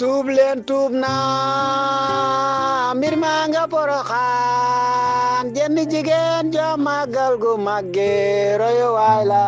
tuub leen tuub naa mbir maa nga poroxaan jenn jigéen joo màggal gu màgge royo waay la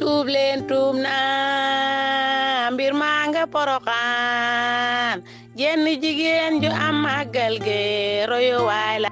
tuub leen tuub naa mbir maa nga poroxaan jenn jigéen ju am màggal ge royo waay la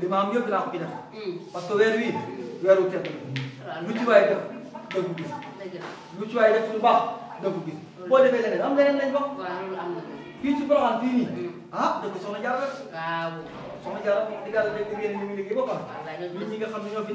li ma am yëpp dinaa ko ci def mm. parce que weer wii weeru tedd la lu ci waay def da ko gis lu ci waay def lu baax da ko gis mm. boo defee leneen am leneen lañ ci Porokhane fii nii mm. ah dëgg soxna Diarra la soxna Diarra moom di gàll dégg ngeen ni mu liggéey ba pare nit ñi nga xam ne ñoo fi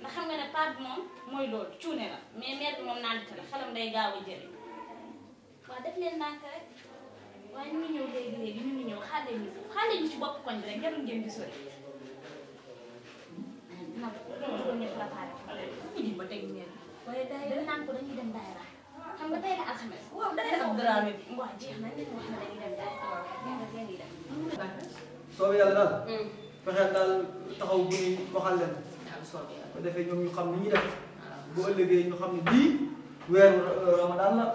ndax xam nga ne paat moom mooy loolu cuune la mais mère bi moom naan la xelam day gaaw a jëriñ waaw def leen ndànk rek waaye ñu ngi ñëw léegi léegi ñu ngi ñëw xaale ñu xaale ñu ci bopp koñ rek jarul ngeen di sori nag ko ñu préparé ñu ma teg ñeen waaye daayira naan ko dañuy dem daayira xam nga tey la alxames waaw daayira ab drame bi waaw jeex na leen wax na dañuy dem daayira ngeen di dem soo yàlla daal fexeel daal taxaw bu ñuy waxal leen ko defee ñoom ñu xam ni ñuy def bu ëllëgee ñu xam ne bii weeru euh, ramadan la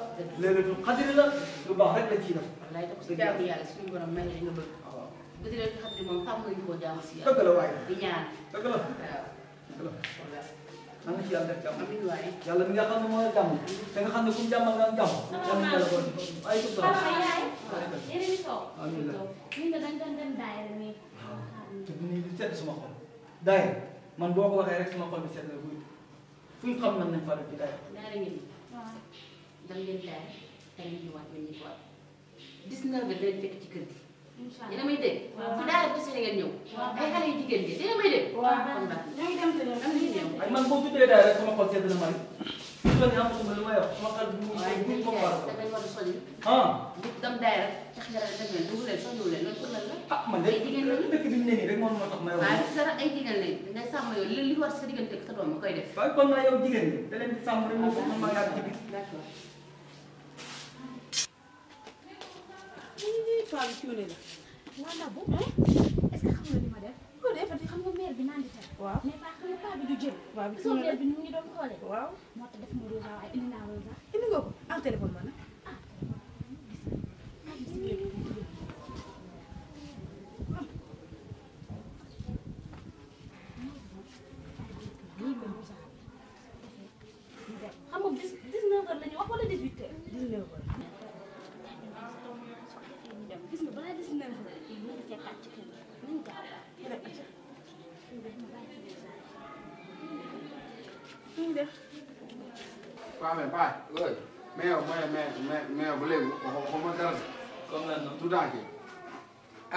leylatul xadri la lu baax rek lañ ciy def. wallaay da ko si jaamu yàlla suñu borom may la nga bëgg. waaw guddi la xam ne moom tàmm ñu koo jaamu si yàlla. dëgg la waay di ñaan. dëgg la waaw dëgg la. na nga ci yàlla def jàmm. amiin waay yàlla mi nga xam ne mooy jàmm. te nga xam ne kum jàmmal nga am jàmm. yàlla na yàlla ko ay tub sax. amiin la. te bu ñu seet sama xol daay man boo ko waxee rek sama xol bi seet na buy fu ñu xam man nañ faral di daal. ñaari ngeen dam leen daal tey ñu ñëwaat ñu ñu waat dix-neuf heures dañ fekk ci kër gi. incha allah damay dégg. waaw fu daal gis ngeen ñëw. ay xale yu jigéen na ñoo ngi dem te man boo loo e ne xamatu ma lu ma yor waxal bu bu ko war a. dañ war a sori. ah. bu dem daayira tax nga def leen dugg leen soññu leen loolu pour lan la. ah man de dëkk bi mu ne nii rek moom moo tax ma yor. waaw dara ay jigéen lañ nga sàmm yow li li war sa diggante ak sa doom ma koy def. waaye kon naa yow jigéen ñi da leen di sàmm rek moo ko xam ma yaa ji bi. d'accord. lii lii toile cuune la. maanaam bu. loolu bi xam nga mère bi naan di teg. waaw mais paa xam nga paa bi du jël. waaw bi mu ngi doon xoolee. waaw moo tax def ma rosa waaye indi naa rosa indi nga ko. pamee baay mais yow mais mais mais ba léegi waxuma waxuma dara si. comme lan noonu. tout à fait.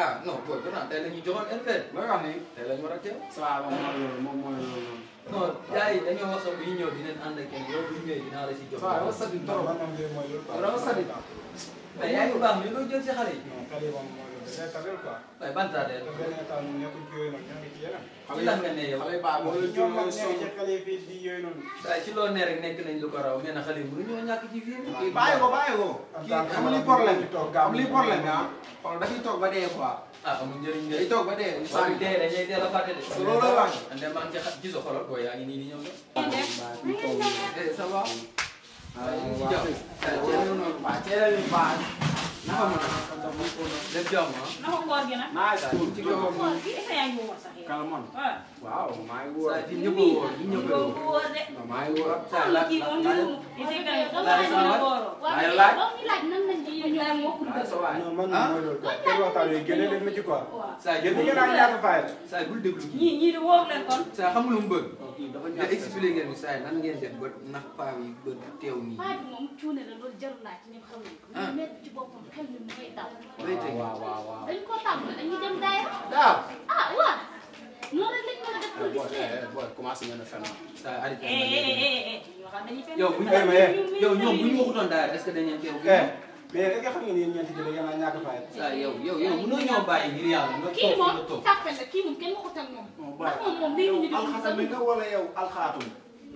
ah non booy bi naan tey la ñuy joxoon RP. looy wax nii tey la ñu war a teew. saa moom mooy loolu moom mooy loolu. non gars yi dañoo wax sax bu ñu ñëw dinañ ànd ak yow bu ñu ñëwee dinaa la si jox. waaw yow sadi trop waaw yow sadi. mais yaa ngi baax ni loo jël si xale yi. xale yi moom mooy. c'est ça lépp quoi. waaye ban taa de. benn état ñun nekkul ci yooyu noonu ñoo ngi ci yeneen. ci lan nga ne yow xale baax mooy ñoom ñoo nekk ci xale fii di yooyu noonu. waaye ci loo ne rek nekk nañ lu ko raw mais na xale yi mënuñoo ñàkk ci fii. bàyyi ko bàyyi ko. kii am li problème am li problème ah. xool dafay toog ba dee quoi. ah amul njëriñ njëriñ day toog ba dee. saa yu dee dañuy dee la fàtte de. su loolu la wax. ndem maa ngi ci gisoo xoolal ko yaa ngi nii di ñëw de. ça va. waaw waaw waaw naka ma def jàmm ah. naka koor gi nag. naa daal ci kaw ma kalmoon. waaw maa ngi wóor. saa yi ñëpp a wóor ñëpp a wóor. maa ngi wóor. saa la kii noonu ñu laaj laaj nan lañ ci ñu laaj moo kuréel. non man ah? mooy loolu quoi. tey waxtaan yooyu génne leen ma ci quoi. saa yi génne ñaata faay la. saa yi bul déglu ñii ñii di wóor leen kon. saa xamul lu mu bëgg. nii dafa ñaax expliqué ngeen saa yi nan ngeen def ba nax paa yi ba teew nii. paa bi moom cuune la loolu jarul naa ci ñoom xam nga. ñu nekk ci boppam xel mi mooy daw. waaw waaw waaw dañu koo tàmbali dañuy dem daayira. daaw ah waaw. noonu rek lañu mën a def pour gis leen. booy commencé ngeen a fenn. saa yi arrêté nañu. yow bu ñu demee yow ñoom bu ñu waxutoon daayira est-ce que mais da nga xam ne yéen ñeenti ji da ngeen a ñàkk a fayal. yow yow yow mënoo ñoo bàyyi ngir yàlla nga toog nga toog kii moom tàppe la kii moom kenn waxut ak moom. ndax moom moom day indi. alxatami nga wala yow alxaatum.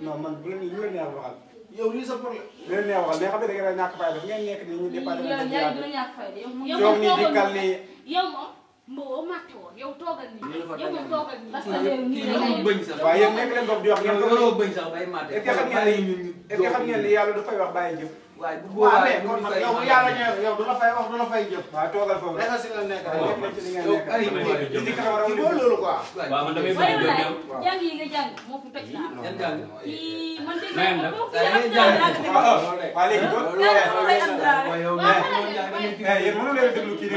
non man bu la ñu lu neex waxal. yow lii sa problème. lu neex waxal mais xam nga da ngeen a ñàkk a fayal daf ngeen nekk nii ñu département. yow yaa ngi ñàkk a fayal yow moom yow moom toogal nii yow moom mboo màtte woon yow toogal nii yow moom toogal nii. parce que bëñ sax waaye yéen nekk leen bopp di wax ngeen. looloo bëñ sax bay màtte. est-ce que xam ngeen ni yàlla dafay wax bàyyi jëf waa bu boobaa kon nag yow bu yàlla ñëwee yow du la fay wax du la fay jëf. waaw toogal man a jëf jàng yi yi man dégg naa ko da ngay jàng waaw yow mais eh, yéen mënu leen déglu kii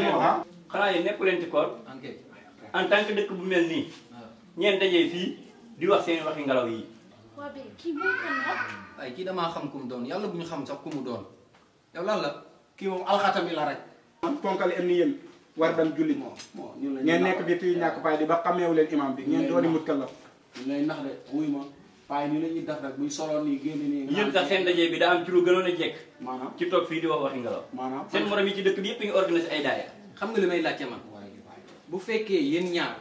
ah. tant que dëkk bu mel nii ah. ñeen dajee fii di wax seen waxi ngelaw yi waa bi kii mooy kan damaa xam ku doon yàlla bu ñu xam sax ku mu doon yow lan la kii moom alxatami la rek. ponkal em ni yéen war dam julli moom. bon ñun ngeen nekk bi tuy ñàkk paay di ba xameewu leen imam bi. ngeen dooni mutkallaf ñu lay nax de wuy ma paay ni la ñuy def rek buy solo nii génn nii. ñun sax seen daje bi daa am ci gënoon a jekk. maanaam ci toog fii di wax waxi ngelaw. maanaam seen morom yi ci dëkk bi yëpp ñu organisé ay daaya. xam nga li may laajte man bu fekkee yéen ñaar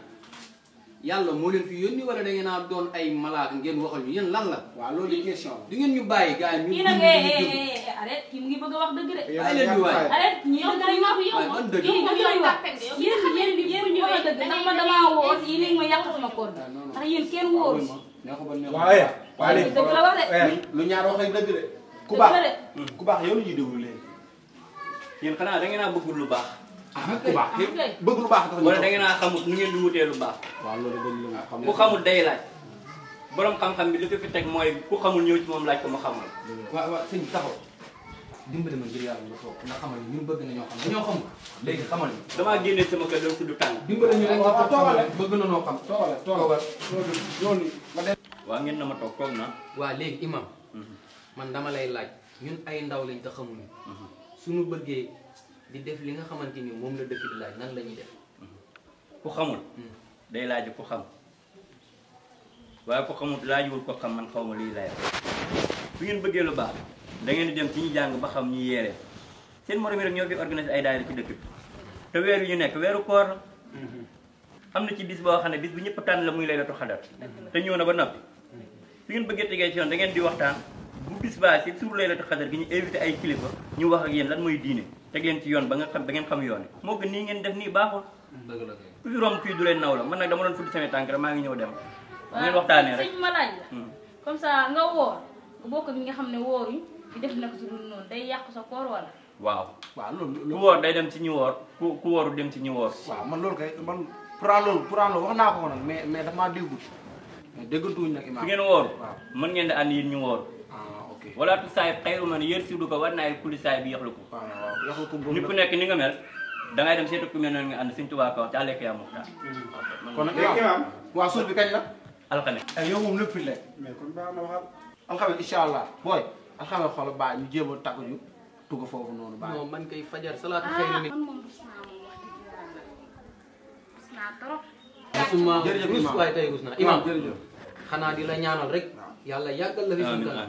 yàlla moo leen fi yónni wala da ngeen a doon ay malaaka ngeen waxal ñu yéen lan la. waaw loolu question du ngeen ñu bàyyi gars yi. ñu ngi eh, eh, eh, arrête kii mu ngi bëgg a wax dëgg de. ay leen di waay arrête ñu yow dañu wax yow moom kii mu ngi wax yéen yéen yéen ñu wax dëgg ndax man damaa wóor yéen a ngi ma yàq sama koor ndax yéen kenn wóoru. waaw yaa waaye dëgg la wax de. lu ñaar wax rek dëgg de. ku baax hmm. ku baax yow la ñuy déglu léegi. yéen xanaa da ngeen a bëgg lu baax Ah, ah, bëgg lu baax bëgg lu baax tax wala da ngeen a xamut nu ngeen di wutee lu baax waaw loolu xam ku xamut day laaj borom xam-xam bi li ko teg mooy ku xamul ñëw ci moom laaj ko mu xamul waaw waaw sëñ bi ma ngir yàlla nga toog nga ni bëgg nañoo xam dañoo xamul léegi xamal ni damaa génne sama kër doon tudd tàng dimbali ñu rek nga toogal bëgg na noo xam toogal toogal loolu ma dem waaw ngeen na ma toog na waaw léegi imam mhm. man dama lay laaj ñun ay ndaw lañ te xamuñu mhm. suñu bëggee di def li nga xamante ni moom la dëkk di laaj nan la ñuy def. Mm-hmm. ku xamul. Mm. day laaj ku xam waaye ku xamul laajuwul ko xam man xaw ma lii lay bu ngeen bëggee lu baax da ngeen di dem ci ñu jàng ba xam ñu yeeree seen morom yi rek ñoo ci dëkk bi te weer yu ñu nekk weeru koor la mm-hmm. na ci bis boo xam ne bis bu ñëpp tànn la muy lay latu xadar mm-hmm. te ñëw na ba noppi su ngeen bëggee tegee ci yoon da di waxtaan. bu bis ba baa si suur ta xadar gi ñu éviter ay kilifa ñu wax ak yeen lan moy diiné tek leen ci yoon ba nga xam ba ngeen xam yoon mo gën ni ngeen def ni baaxul deug la kay fi romb kii du leen naw la man nak dama doon fuddi sama tank rek maa ngi ñew dem ngeen waxtane rek señ laaj la hmm. comme ça nga woor bokk bi nga xam ne yu di def nak su dul non day yaq sa koor wala waaw waaw lool lu woor day dem ci ñu woor ku ku wooru dem ci ñu woor waaw man lool kay man pourtant lool pourtant lool wax na ko nag mais mais dama maa déggut mais déggantuwuñ nag imaam fi ngeen woor man ngeen da ànd yéen ñu woor walaatu saayib xayru man yër sidu ko war naay kuli saayib yéexlu ko nit ku nekk ni nga mel da dem seetu ku mel noonu nga ànd bi kañ la alxames eh, yow baax a takku ju tugg foofu noonu baa non man kay fajar salaatu ah, xayru mi jërëjëf imaam waaye tey rus naa xanaa di la ñaanal rek yàlla yàggal la fi suñu kanam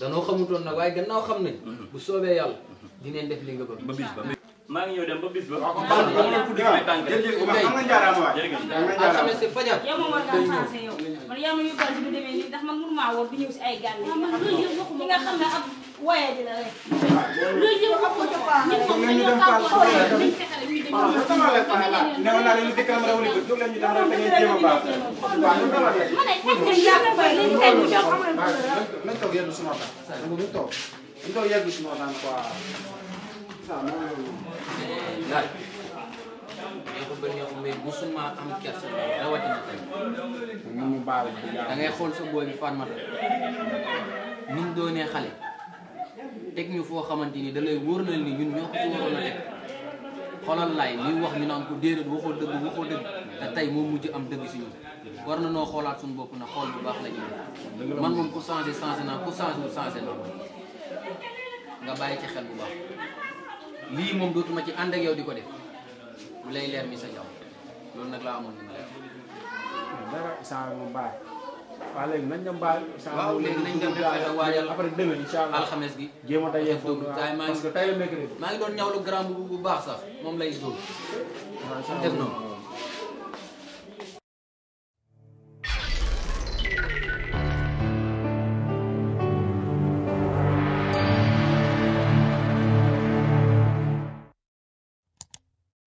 danoo xamutoon nag waaye gannaaw xam nañ mm-hmm. bu soobee yàlla dineen def li nga ba bis ba maa ngi ñëw dem ba bis ba waaw alxames si fajar yow moom war ngaa changé yow man yaa ma waaye dina rek. loolu yëpp am na ñëpp am na ñoo xam ko waaye dañu fexe rek ñu déglu. waaw sama la faa la néew naa leen dëkk am rawli ko jóg leen ñu dem rek da ngeen jéem a baax. waaw loolu dama la. ma ne xaj na yàlla fay li ñu xaj ñu jox am na. nañ toog yegg suma ba. dama ñu toog ñu toog yegg suma ba quoi. daal. ñoo ko bëri ñoo ko mais musuma am kersa rawatina tey. da ngay xool sa booy bi Fatmata ni mu doonee xale. teg ñu foo xamante ni da wóor na ni ñun ñoo ko ci waroon a teg xolal laay muy wax ñu naan ko déedéet waxoo dëgg waxoo dëgg te tey moo mujj am dëgg si ñun war na noo xoolaat suñu bopp na xool bu baax lañu ñu man moom ku changé changé naa ku changé wu changé naa nga bàyyi ci xel bu baax lii moom dootuma ci ànd ak yow di ko def bu lay leer mi sa jaww loolu nag laa amoon na ma leer dara saa moom baax waaw léegi nañ dem baal. waaw léegi nañ dem fexe waajal après dëgg incha allah alxames gi. jéem a dajee foofu waaw parce que tey la mercredi. maa ngi doon ñawlu grand bu bu baax sax moom lay dóor. waaw def noonu.